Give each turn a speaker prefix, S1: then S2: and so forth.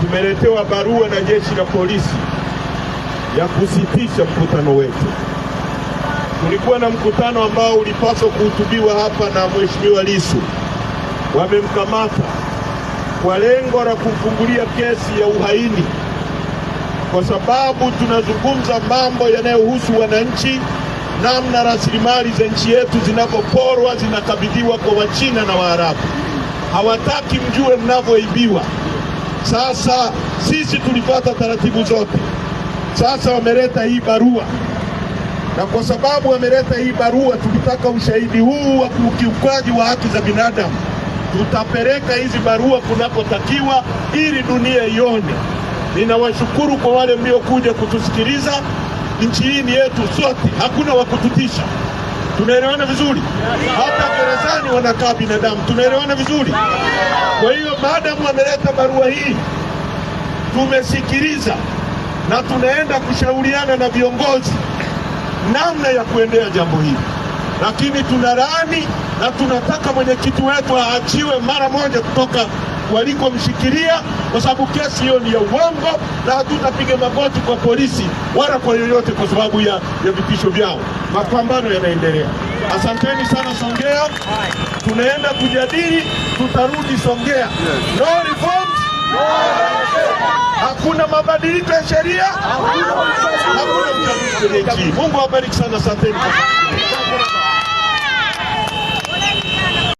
S1: tumeletewa barua na jeshi la polisi ya kusitisha mkutano wetu. Tulikuwa na mkutano ambao ulipaswa kuhutubiwa hapa na Mheshimiwa Lissu, wamemkamata kwa lengo la kumfungulia kesi ya uhaini, kwa sababu tunazungumza mambo yanayohusu wananchi, namna rasilimali za nchi yetu zinavyoporwa, zinakabidhiwa kwa Wachina na Waarabu. Hawataki mjue mnavyoibiwa. Sasa sisi tulipata taratibu zote, sasa wameleta hii barua, na kwa sababu wameleta hii barua, tukitaka ushahidi huu wa ukiukaji wa haki za binadamu, tutapeleka hizi barua kunapotakiwa ili dunia ione. Ninawashukuru kwa wale mliokuja kutusikiliza. Nchi hii ni yetu sote, hakuna wa kututisha. Tunaelewana vizuri, hata gerezani wanakaa binadamu. Tunaelewana vizuri. Kwa hiyo maadamu ameleta barua hii, tumesikiliza na tunaenda kushauriana na viongozi namna ya kuendea jambo hili, lakini tunalaani na tunataka mwenyekiti wetu aachiwe mara moja kutoka walikomshikilia, kwa sababu kesi hiyo ni ya uongo, na hatutapiga magoti kwa polisi wala kwa yoyote kwa sababu ya, ya vitisho vyao. Mapambano yanaendelea. Asanteni sana Songea, tunaenda kujadili, tutarudi Songea. No reforms, hakuna mabadiliko ya sheria, hakuna uchaguzi. Mungu awabariki sana, asanteni.